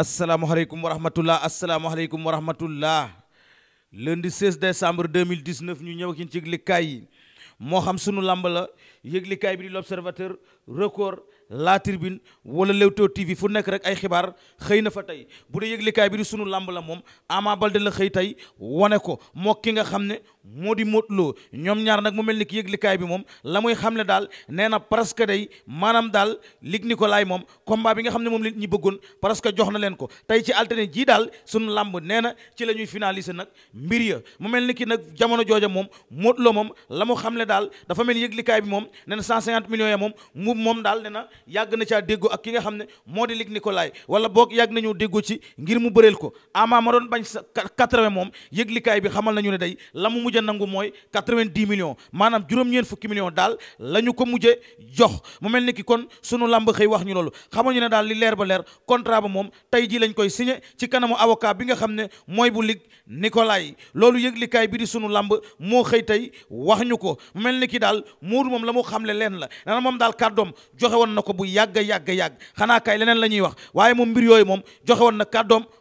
asalaamaaleykum wa rahmatullah asalaamaaleykum wa rahmatullah lundi mille décembre 2019 ñu ñëw ak yéen ci yëglikaay yi moo xam sunu làmb la yëglikaay bi di l'observateur record la tribune wala Leewtoo TV fu nekk rek ay xibaar xëy na fa tey bu dee yëglikaay bi di sunu làmb la moom Ama Baldé la xëy tey wane ko moo ki nga xam ne moo di Modou Lo ñoom ñaar nag mu mel ni ki yëglikaay bi moom la muy xamle daal nee na presque day maanaam daal lig Nicolas moom combat bi nga xam ne moom la ñu bëggoon presque jox na leen ko tey ci altine jii daal sunu làmb nee na ci la ñuy finaliser nag mbir ya mu mel ni ki nag jamono jooja moom Modou moom la mu xamle daal dafa mel ni yëglikaay bi moom nee na 150 millions ya moom mu moom daal nee na yàgg na caa déggoo ak ki nga xam ne moo di lig Nicolas wala boog yàgg nañu déggoo ci ngir mu bëreel ko ama ma doon bañ sa 80 moom yëglikaay bi xamal nañu ne day mujj a nangu mooy quatre-vingt-dix millions maanaam juróom-ñeent fukki millions daal la ñu ko mujje jox mu mel ni ki kon sunu làmb xëy wax ñu loolu xamal ñu ne daal li leer ba leer contrat ba moom tey ji lañ koy signé ci kanamu avocat bi nga xam ne mooy bu lig Nicolas loolu yëglikaay bi di sunu làmb moo xëy tey wax ñu ko mu mel ni ki daal Modou moom la mu xamle leen la nana moom daal kàddoom joxe woon na ko bu yàgg yàgg yàgg xanaa kay leneen la ñuy wax waaye moom mbir yooyu moom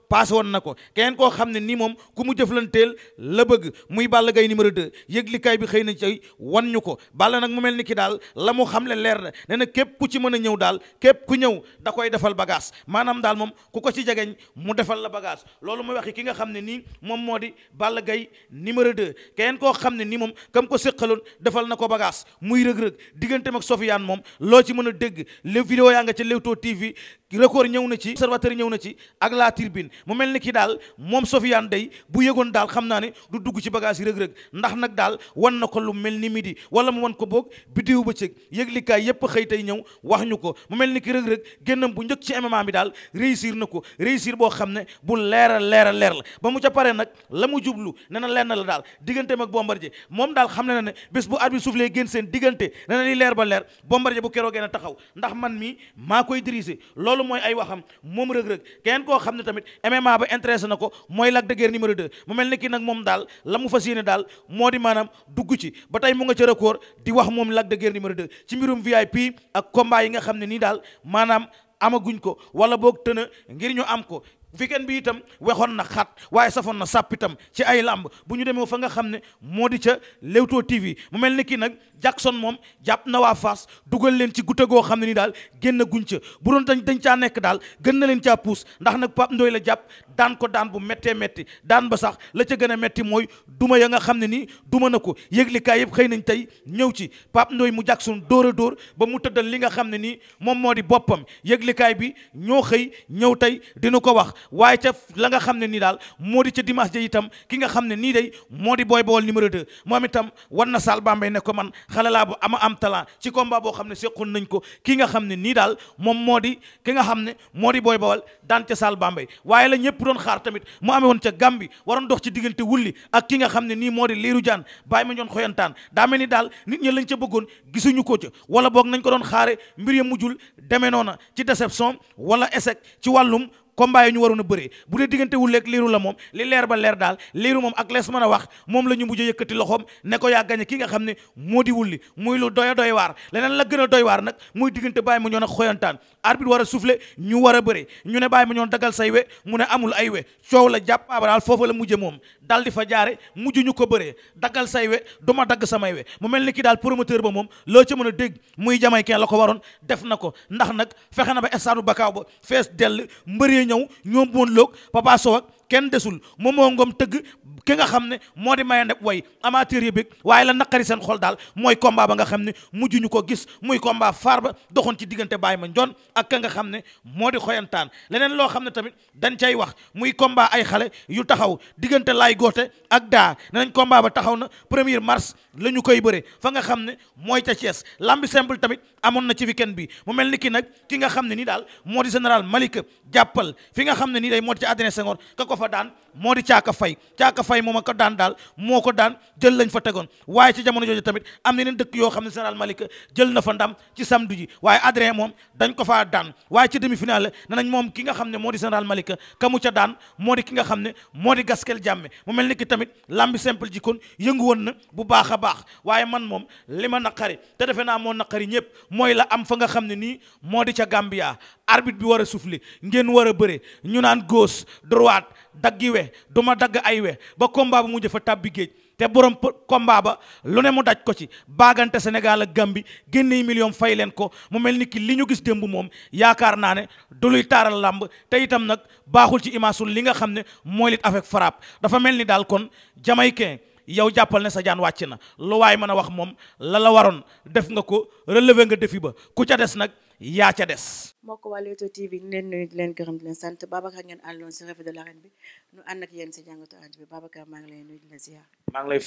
paase woon na ko keneen koo xam ne nii moom ku mu jëflanteel la bëgg muy Balla Gaye numéro 2 yëglikaay bi xëy na ci wan ñu ko Balla nag mu mel ni ki daal la mu xamle leer na nee na képp ku ci mën a ñëw daal képp ku ñëw da koy defal bagaas maanaam daal moom ku ko ci jegeñ mu defal la bagage loolu muy waxi ki nga xam ne nii moom moo di Balla gay numéro 2 keneen koo xam ne nii moom kam ko séqaloon defal na ko bagaas muy rëg-rëg digganteem ak Sofiane moom loo ci mën a dégg les yaa nga ca Leewtoo TV record ñëw na ci observateur ñëw na ci ak la tribune mu mel ni ki daal moom Sofiane day bu yëgoon daal xam naa ne du dugg ci bagage yi rëg-rëg ndax nag daal wan na ko lu mel ni midi wala mu wan ko boog biddiw bëccëg yëglikaay yépp xëy tey ñëw wax ñu ko mu mel ni ki rëg-rëg génnam bu njëkk ci MMA bi daal réussir na ko réussir boo xam ne bu leera leera leer la ba mu ca paree nag la mu jublu ne na lenn la daal digganteem ak Bombardier moom daal xam ne na ne bés bu at bi suuf seen diggante ne na leer ba leer Bombardier bu keroo gën a taxaw ndax man mii maa koy diriger lu mooy ay waxam moom rëg-rëg keneen koo xam ne tamit MMA ba intéressé na ko mooy Lac de Guiers numéro 2 mu mel ni kii nag moom daal la mu fas yéene daal moo di maanaam dugg ci ba tey mu nga ca record di wax moom Lac de Guiers numéro 2 ci mbirum VIP ak combat yi nga xam ne nii daal maanaam amaguñ ko wala boog tëna ngir ñu am ko weekend bi itam wexoon na xat waaye safoon na sàpp itam ci ay làmb bu ñu demee fa nga xam ne moo di ca Leewtoo TV mu mel ni kii nag Jackson moom jàpp na waa fas dugal leen ci gute goo xam ne ni daal génn guñ ca bu doon tañ dañ caa nekk daal gën na leen caa puus ndax nag Pape Ndoye la jàpp daan ko daan bu méttee métti daan ba sax la ca gën a métti mooy duma ya nga xam ne nii duma na ko yëglikaay yëpp xëy nañ tey ñëw ci Pape Ndoye mu Jackson dóor a dóor ba mu tëddal li nga xam ne nii moom moo di boppam yëglikaay bi ñoo xëy ñëw tey dina ko wax waaye ca la nga xam ne nii daal moo di ca dimanche ja itam ki nga xam ne nii day moo di booy bool numéro 2 moom itam war na saal bambay ne ko man xale laa bu ama am talent ci combat boo xam ne seqoon nañ ko ki nga xam ne nii daal moom moo di ki nga xam ne moo di booy bool daan ca saal bambay waaye la ñëpp doon xaar tamit mu amee woon ca Gàmbi waroon dox ci diggante wulli ak ki nga xam ne nii moo di liiru jaan bàyyi ma ñoon xoyantaan daa mel ni daal nit ñi lañ ca bëggoon gisuñu ko ca wala boog nañ ko doon xaare mbir ya mujjul demee noona ci déception wala échec ci wàllum combat yi ñu waroon a bëree bu dee diggante wul ak liiru la moom li leer ba leer daal liiru moom ak lees man a wax moom la ñu mujj a yëkkati loxoom ne ko yaa gañe ki nga xam ne moo di wulli muy lu doy a doy waar leneen la gën a doy waar nag muy diggante bàyyi ma ñoon ak xoyantaan arbitre war a soufflé ñu war a bëree ñu ne bàyyi ma ñoon dagal say we mu ne amul ay we coow la jàpp aaba daal foofu la mujje moom daal di fa jaare mujj ñu ko bëree daggal say we du ma dagg samay we mu mel ni kii daal promoteur ba moom loo ci mën a dégg muy jamay jamaykeen la ko waroon def na ko ndax nag fexe na ba estadu bakaaw ba fees dell mbëree ñëw ñoom boon loog papa sow kenn desul moom moo ngoom tëgg ki nga xam ne moo di maye ndeb way amateur yi bëgg waaye la naqari seen xol daal mooy komba ba nga xam ne mujj ñu gis muy combat faar ba doxoon ci diggante Baye Mandione ak ka nga xam ne moo di xoyantaan leneen loo xam ne tamit dañ cay wax muy combat ay xale yu taxaw diggante laay goote ak daa ne nañ combat ba taxaw na premier mars la ñu koy bëre fa nga xam ne mooy ca Thiès lambi simple tamit amoon na ci weekend bi mu mel ni ki nag ki nga xam ne nii daal moo di général Malick jàppal fi nga xam ne nii day moo di ca fa daan moo di caaka fay caaka fay mooma ko daan daal moo ko daan jël lañ fa tegoon waaye ci jamono jooju tamit am na yeneen dëkk yoo xam ne général Malick jël na fa ndam ci samedi ji waaye Adrien moom dañ ko faa daan waaye ci demi-finale ne nañ moom ki nga xam ne moo di général Malick ka mu ca daan moo di ki nga xam ne moo di gaskel jàmme mu mel ni ki tamit lambi simple ji kon yëngu woon na bu baax a baax waaye man moom li ma naqari te defe naa moo naqari ñëpp mooy la am fa nga xam ne nii moo di ca Gambia arbitre bi war a souffler ngeen war a bëre ñu naan gauche droite daggi we du ma dagg ay we ba komba ba mujj fa tàbbi géej te borom combat ba lu ne mu daj ko ci bagante senegal ak Gambie génney million fay leen ko mu mel ni ki li ñu gis démb moom yaakaar naa ne du luy taaral làmb te itam nag baaxul ci imaasul li nga xam ne mooy lit avec frappe dafa mel ni daal kon jamay jamaïcain yow jàppal ne sa jaan wàcc na lu waaye mën a wax moom la la waroon def nga ko relever nga défi ba ku ca des nag yaa ca des. moo ko waa Leewtoo TV ñu leen nuyu di leen gërëm di leen sant Babacar ngeen àndoon si revue de l'arène bi ñu ànd ak yéen si jàngatu arène bi Babacar maa ngi lay nuyu di la ziar. maa ngi lay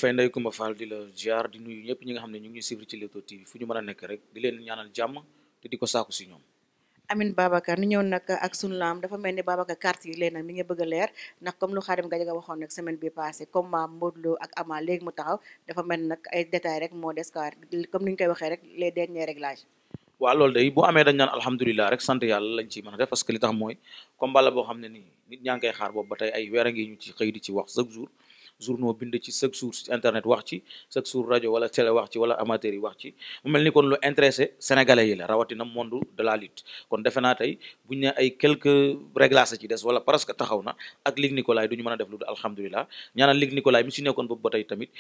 di la ziar di nuyu ñëpp ne ñu ngi suivre ci Leewtoo TV fu ñu mën a nekk rek di leen ñaanal jàmm te di ko si ñoom. Amin Babacar ñu ñëw nag ak sunu laam dafa mel ni Babacar carte yi léegi nag mi ngi bëgg a leer ndax comme lu Xaadim Gajaga waxoon nag semaine bi passé comme ma Modou Lo ak Ama léegi mu taxaw ay détails rek moo des comme ni ñu koy waxee rek les derniers réglages waaw loolu day bu amee dañ naan alhamdulilah rek sant yàlla lañ ciy mën a def parce que li tax mooy combat la boo xam ne nii nit ñaa ngi koy xaar boobu ba tey ay weer a ngi ñu ci xëy di ci wax chaque jour journaux bind ci chaque jour ci internet wax ci chaque jour rajo wala télé wax ci wala amateur wax ci mu mel ni kon lu intéressé sénégalais yi la rawatina monde de la lutte kon defe naa tey buñ ne ay quelques réglages ci des wala presque taxaw na ak Luc Nicolaï du ñu mën a lu dul alhamdulilah ñaanal Luc Nicolaï mi si nekkoon boobu ba tamit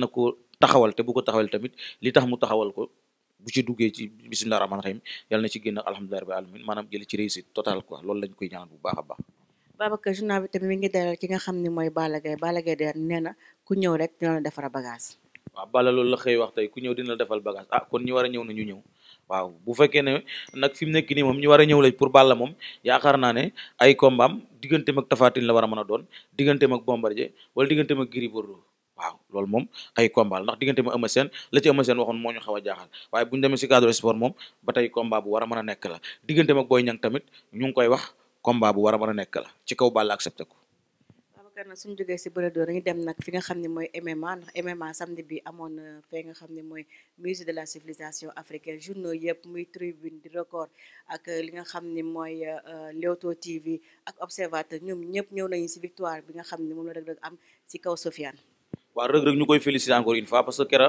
na ko taxawal te ko taxawal tamit li tax mu taxawal ko bu ci duggee ci bismillah rahmaan rahim yàlla na ci génn alhamdulilah rabbil alamin maanaam jëli ci réussite totale quoi loolu lañ koy ñaanal bu baax a baax Babacar journal bi tamit mi ngi dalal ki nga xam ne mooy baala Gaye Balla Gaye na ku ñëw rek dina la defara bagage waaw Balla loolu la xëy wax tey ku ñëw dina la defal bagage ah kon ñu war a ñëw na ñu ñëw waaw bu fekkee ne nag fi mu nekk nii moom ñu war a ñëw la pour Balla moom yaakaar naa ne ay kombaam digganteem ak Tapha la war a mën a doon digganteem ak Bombardier wala digganteem ak Gris Bordeaux waaw loolu moom ay combat ndax diggante ma Eumeu Sène la ci Eumeu Sène waxoon moo ñu xaw a jaaxal waaye bu ñu demee si cadre sport moom ba tey combat bu war a mën a nekk la diggante mag Boy Niang tamit ñu ngi koy wax combat bu war a mën a nekk la ci kaw Balla accepté ko. Babacar suñu jógee si bëre door dem nag fi nga xam ne mooy MMA ndax MMA samedi bi amoon fee nga xam ne mooy musée de la civilisation africaine journaux yëpp muy tribune di record ak li nga xam ni mooy euh, Leewtoo TV ak observateur ñoom ñëpp ñëw nañu si victoire bi nga xam ni moom la Reug Reug am si kaw Sofiane. waa Reug Reug ñu koy féliciter encore une fois parce que kera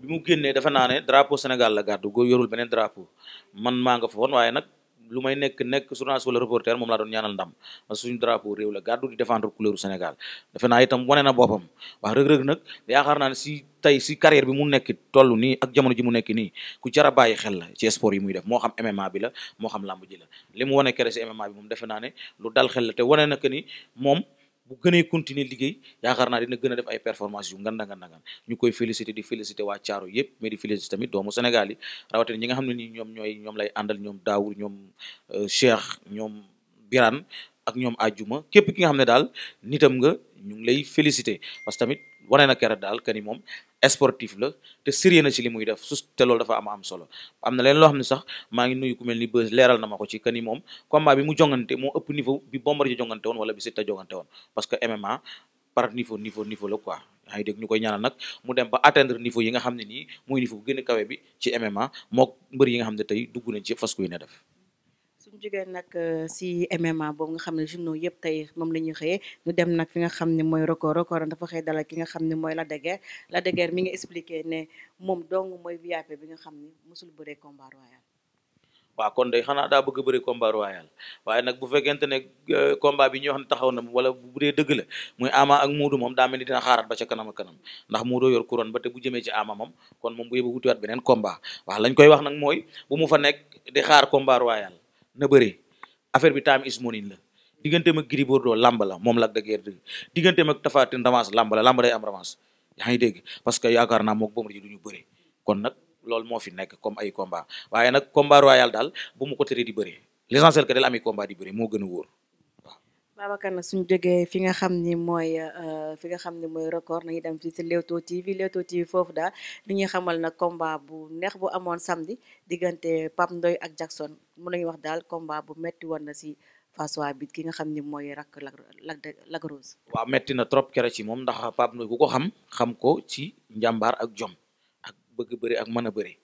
bi mu génnee defe naa ne drapeau Sénégal la gàddu yorul beneen drapeau man maa nga fa waaye nag lu may nekk nekk journaliste wala reporter moom laa doon ñaanal ndam parce que suñu drapeau réew la gàddu di défendre couleur Sénégal defe naa itam wane na boppam waa Reug Reug nag yaakaar naa ne si tey si carrière bi mu nekk toll nii ak jamono ji mu nekk nii ku jar a bàyyi xel la ci sport yi muy def moo xam MMA bi la moo xam làmb ji la li mu wane kere si MMA bi moom defe naa ne lu dal la te wane na que ni moom bu gënee continuer liggéey yaakaar naa dina gën a def ay performance yu nganda nganda ngan ñu koy féliciter di féliciter waa Caaro yëpp mais di féliciter tamit doomu Sénégal yi rawatina ñi nga xam ne ni ñoom ñooy ñoom lay àndal ñoom Daawur ñoom euh, Cheikh ñoom Birane ak ñoom juma képp ki nga xam ne daal nitam nga ñu ngi lay féliciter parce que tamit wane na keroog daal que ni moom sportif la te sérieux na ci li muy def su te loolu dafa am am solo am na leen loo xam ne sax maa ngi nuyu ku mel ni Beuz leeral na ma ko ci que ni moom combat bi mu jongante moo ëpp niveau bi Bombardier jongante woon wala bi Siteu jongante woon parce que MMA par niveau niveau niveau la quoi yaa ngi ñu koy ñaanal mu dem ba atteindre niveau yi xam ne nii muy niveau bu gën a kawe bi ci MMA mook mbër yi xam ne tey dugg nañ ci fas kuy ne def ñu jógee nag euh, si MMA boobu nga xam ne journaux yëpp tey moom la ñuy xëyee ñu dem nag fi nga xam ne mooy record record dafa xëy dalal ki nga xam ne mooy la de Guiers Lac mi ngi expliqué ne moom dong mooy VIP bi nga xam ne mosul bëree combat royal. waaw kon day xanaa daa bëgg bëri combat royal waaye nag bu fekkente ne euh, combat bi ñuy wax ne taxaw na wala bu dee dëgg la muy ama ak muudu moom daa mel ni dina xaarat ba ca kanam ak kanam ndax muudu yor couronne ba te bu jëmee ci ama moom kon moom bu yóbbu wutiwaat beneen komba waaw lañ koy wax nag mooy bu mu fa nekk di xaar combat royal na bëree affaire bi time is money la digganteem ak Gris Bordeaux lamb la moom Lac de Guiers dëgg digganteem ak Tapha Tine revanche lamb la lamb day am revanche yaa ngi dégg parce que yaakaar naa mook Bombardier du ñu bëri kon nag loolu moo fi nekk comme ay combat waaye nag combat royal daal bu mu ko teree di bëri l'essentiel que del ami combat di bëri moo gën a wóor Babacar nag suñ jegee fi nga xam ni mooy euh, fi nga xam ni mooy record nañu dem fii ci Leewtoo TV Leewtoo TV foofu daal li ñuy xamal na combat bu neex bu amoon samedi diggante Pape Ndoye ak Jackson mun nañu wax daal combat bu metti woon na si Fassois bi ki nga xam ni mooy rakk Lac Lac Rose. metti na trop kere ci moom ndax Pape Ndoye ku ko xam xam ko ci njàmbaar ak jom ak bëgg bëri ak mën a bëri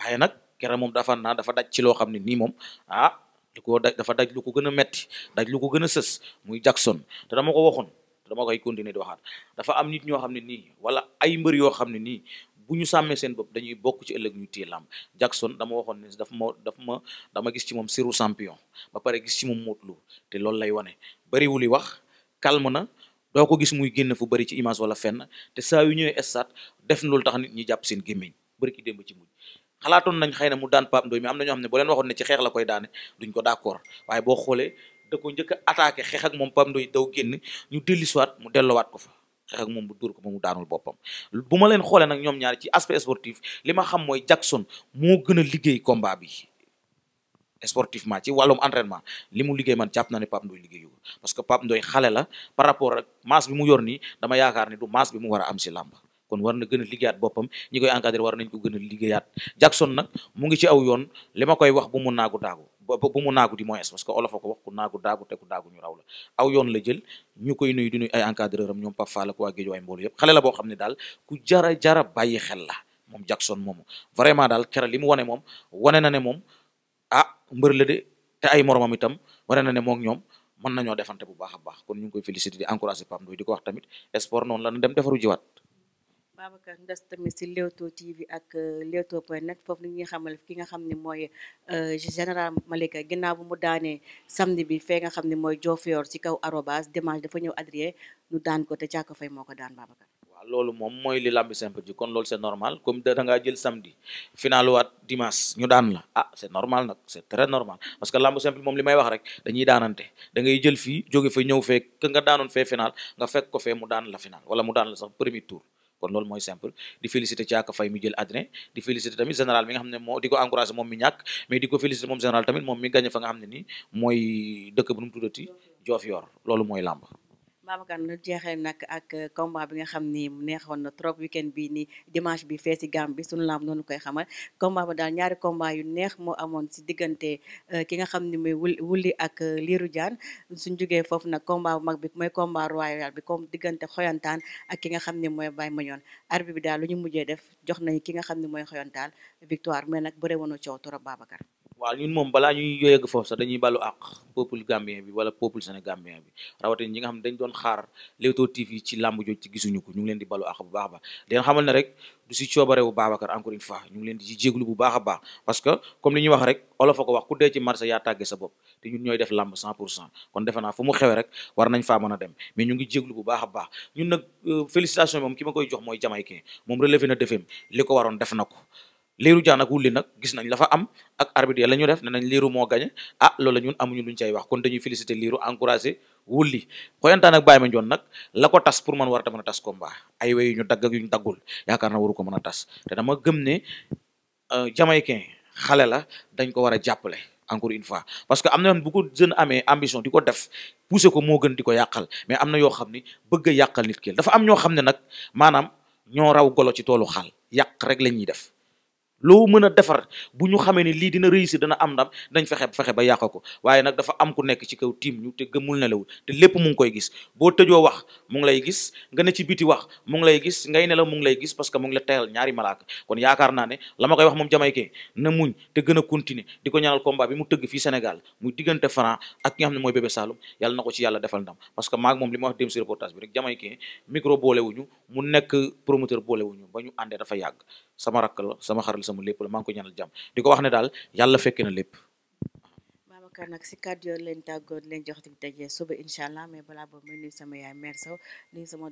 waaye nag kere moom dafa dafa daj ci loo xam ne nii moom ah, di ko dafa daj lu ko gën a metti daj lu ko gën a sës muy Jackson te dama ko waxoon dama koy continuer di waxaat dafa am nit ñoo xam ne nii wala ay mbër yoo xam ne nii bu ñu sàmmee seen bopp dañuy bokk ci ëllëg ñu téye làmp Jackson dama waxoon ne daf ma daf ma dama gis ci moom siru sampion ba pare gis ci moom Modou Lô te loolu lay wane bariwul yi wax calme na doo ko gis muy génn fu bari ci image wala fenn te saa yu ñëwee stade def na loolu tax nit ñi jàpp seen gémmiñ bëri ki démb ci mujj xalaatoon nañ xëy na mu daan Pape Ndoye mi am na ñoo ne boo leen waxoon ne ci xeex la koy daane duñ ko d'accord waaye boo xoolee da ko njëkk a attaqué xeex ak moom Pape Ndoye daw génn ñu dellusiwaat mu delloowaat ko fa xeex ak moom bu dóor ko ba mu daanul boppam bu ma leen xoolee nag ñoom ñaar ci aspect sportif li ma xam mooy Jackson moo gën a liggéey combat bi sportivement ci wàllum entraînement li mu liggéey man jàpp na ne Pape Ndoye liggéeyu parce que Pape Ndoye xale la par rapport ak masse bi mu yor nii dama yaakaar ni du masse bi mu war a am si làmb kon war na gën a liggéeyaat boppam ñi koy encadré war nañ ko gën a liggéeyaat Jackson nag mu ngi ci aw yoon li ma koy wax bu mu naagu daagu bu mu naagu di moins parce que olof a ko wax ku naagu daagu te ku daagu ñu raw la aw yoon la jël ñu koy nuyu di nuyu ay encadreur am ñoom Pape Fall ak waa Guédiawaye mboolu yëpp xale boo xam ne daal ku jara jara bàyyi xel la moom Jackson moomu vraiment daal kera li mu wane moom wane na ne moom ah mbër la de te ay moromam itam wane na ne moom ñoom mën nañoo defante bu baax a baax ñu ngi koy wax tamit sport noonu la dem defaru jiwaat Babacar Ndas tamit si Leewtoo TV ak euh, Leewtoo point net foofu la ñuy xamal ki nga xam ne mooy euh, général Malika ginnaaw bu mu daanee samedi bi fee nga xam ni mooy Diofior ci kaw Arobas dimanche dafa ñëw Adrien ñu daan ko te Thiaka Faye moo ko daan Babacar. waaw loolu moom mooy li lambi simple ji kon loolu c'est normal comme da ngaa jël samedi finaal waat dimanche ñu daan la ah c'est normal nag c'est très normal parce que lamb simple moom li may wax rek dañuy daanante da ngay jël fii jóge fa ñëw fee nga daanoon fee nga fekk ko fee mu daan la final wala mu daan la sax premier tour. kon loolu mooy simple di féliciter Thiaka Faye mi jël Adrien di féliciter tamit général mi nga xam ne moo di ko encourager mi ñàkk mais di ko féliciter moom général tamit moom mi gagné fa nga xam ne nii mooy dëkk bu nu mu tuddati Diofior loolu mooy làmb Babacar lu jeexee nag ak euh, combat bi nga xam ni neexoon na trop weekend bi ni dimanche bi fee ci si Gambie sunu laam noonu koy xamal combat ba daal ñaari combat yu neex moo amoon si diggante euh, ki nga xam ni mooy wuli ak euh, liiru jaan suñ jógee foofu nag combat bu mag bi mooy combat royal bi comme diggante xoyantaan ak ki nga xam ni mooy Baye Mañoon arbitre bi daal lu ñu mujjee def jox nañu ki nga xam ni mooy xoyantaan victoire mais nag bëre woon na coow trop Babacar waaw ñun moom balaa ñuy yegg foofu a dañuy balu àq peuple gambien bi wala peuple sénégambien bi rawatina ñi nga xam dañ doon xaar Leewtoo TV ci làmb jooju ci gisuñu ko ñu ngi leen di balu àq bu baax a baax leen xamal ne rek du si coobare di ci jéglu bu baax a baax parce que comme li wax rek olof a ko wax ku dee ci marché yaa tàgge sa bopp te ñun ñooy def làmb 100 pour cent kon defe naa mu xewee rek war nañ a dem mais ñu ngi jéglu bu baax a baax ñun nag euh, moom ki ma koy jox mooy jamaïcain moom relevé na defeem li ko waroon def liiru jaan ak wulli nag gis nañ dafa am ak arbitre la ñu def ne nañ liiru moo gañe ah loolu ñun amuñu luñ cay wax kon dañuy féliciter liiru encourager wulli xoyantaan ak Baye Mandione nag la ko tas pour man war a mën a tas combat ay wey yu ñu dagg yu ñu daggul yaakaar na waru ko mën a tas te gëm ne euh, jamaïcain xale la dañ ko war a jàppale encore une fois parce que am na yoon bu ko jeune amee ambition di ko def pousser ko moo gën di ko yàqal mais am na yoo xam ni bëgg yàqal nit ki dafa am ñoo xam ne nag maanaam ñoo raw golo ci toolu xaal yàq rek la ñuy def loo mën a defar bu ñu xamee ne lii dina réussir dana am ndam dañ fexe fexe ba yàq ko waaye nag dafa am ku nekk ci kaw tiim ñu te gëmul nelawul te lépp mu ngi koy gis boo tëjoo wax mu ngi lay gis nga ne ci biti wax mu ngi lay gis ngay nelaw mu ngi lay gis parce que mu ngi la tayal ñaari malaaka kon yaakaar naa ne la ma koy wax moom jamaykee gën a di ko ñaanal combat bi mu tëgg fii Sénégal muy diggante Franc ak mooy Bébé yàlla na ko ci yàlla defal ndam parce que maag moom li ma wax dem si reportage bi rek jamaykee micro boolewuñu mu nekk promoteur boolewuñu ba ñu àndee dafa yàgg sama rakk la sama xaral sama lépp la maa ko ñaanal jàmm di ko wax ne daal yàlla fekk na lépp daanaka nag si kàddu yoon leen tàggoon jox dig daje suba incha allah mais balaa boobu ma nuyu sama yaay mère Sow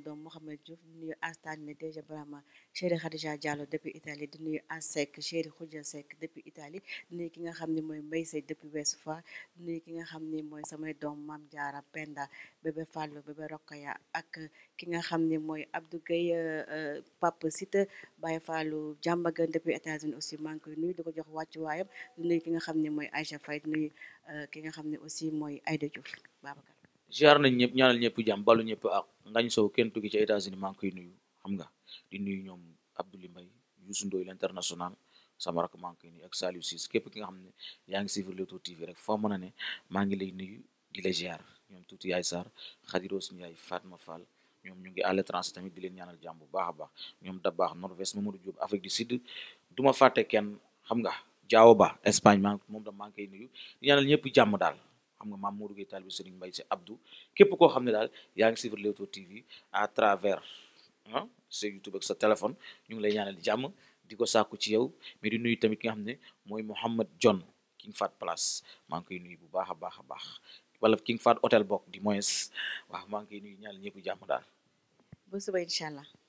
doom Mouhamed Diouf di nuyu Astan mi déjà Brahma chéri Khadija Diallo depuis Italie di nuyu Asek chéri Khoudia Seck ki nga xam ni mooy mbay Sey depuis Ouest Foire di nuyu ki nga xam ni mooy samay doom Mam Diara Penda bébé Fallou bébé ya ak ki nga xam ni mooy Abdou Gueye euh, Pape Sita Baye Fallou jàmbagan depuis États-Unis aussi maa nuyu di ko jox wàcc waayam di nuyu ki nga xam ni mooy Aïcha Faye Euh, ki xam ne aussi mooy Aïda Diouf Babacar. ziar nañ ñëpp ñaanal ñëpp jàmm balu ñëpp ak ngañ sow kenn tukki ci États-Unis maa ngi koy nuyu xam nga di nuyu ñoom Abdoulaye Mbaye Youssou Ndoye l'international sama rakk maa ngi nuyu ak Saliou Ciss képp ki nga xam ne yaa ngi suivre Leewtoo TV rek foo mën a ne maa ngi lay nuyu di la ziar ñoom tuuti yaay Sarr Khadiros Ndiaye ma Fall ñoom ñu ngi à l'étranger tamit di leen ñaanal jàmm bu baax a baax ñoom da baax Norvège Mamadou Diao Ba Espagne moom tam maa ngi nuyu di ñaanal ñëpp jàmm daal xam nga maam Modou Gueye taalibu Serigne Mbaye Sy Abdou képp koo xam ne daal yaa ngi suivre Leewtoo TV à travers ah sa YouTube sa téléphone ñu ngi lay ñaanal jàmm di ko sàkku ci yow mais di nuyu tamit ki nga xam ne mooy Mouhamed John King faat Place maa ngi koy nuyu bu baax a baax a baax wala King Fat Hôtel bokk di moins waaw maa ngi koy nuyu ñaanal ñëpp jàmm daal. bu